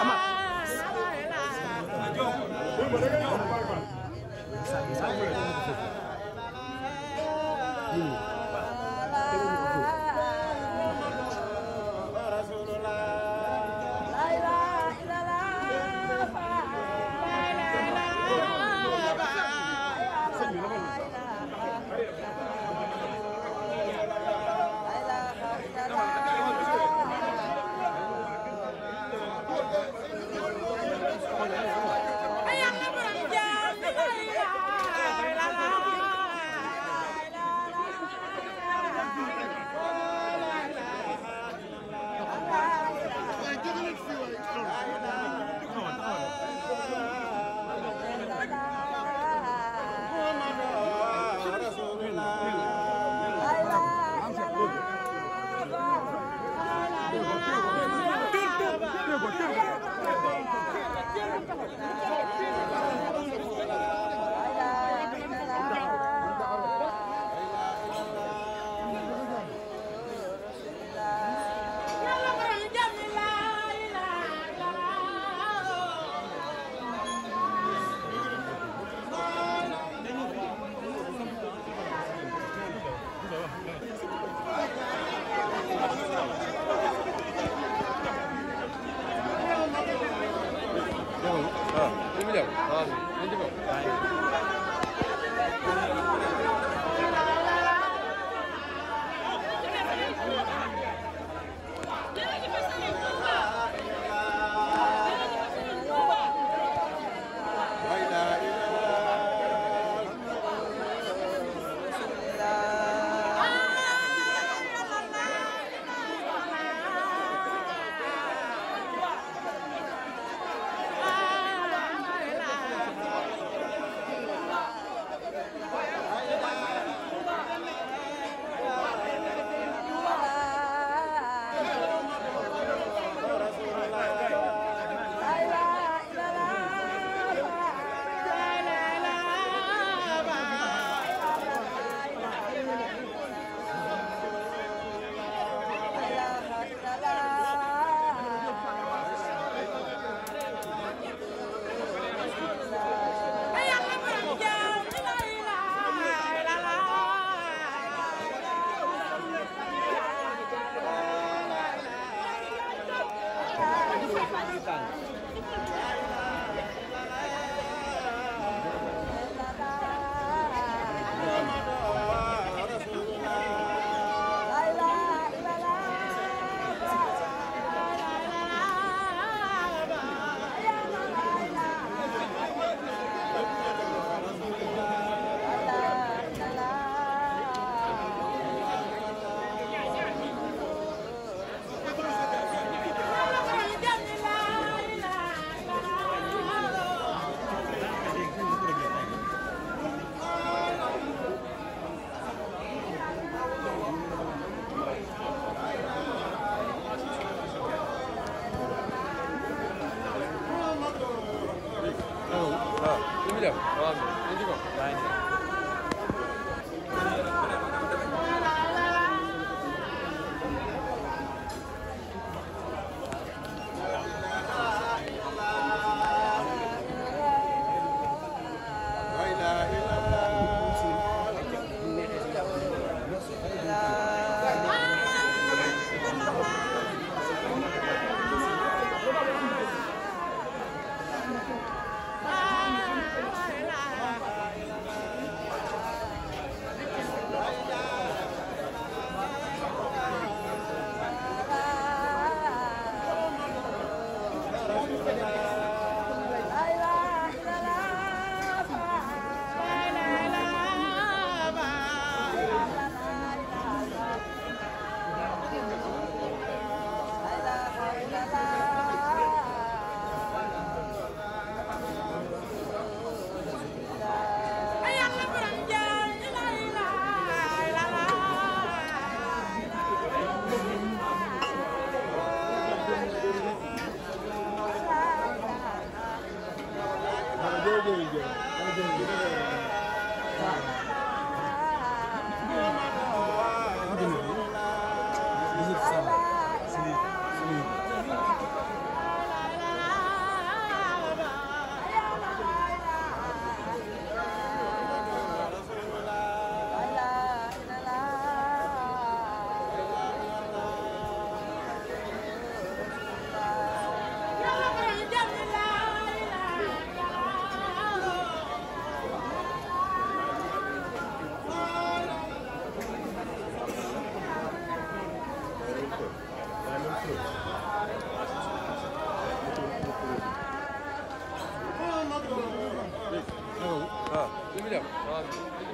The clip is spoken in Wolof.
Ama Thank you. Öyle yap. Abi.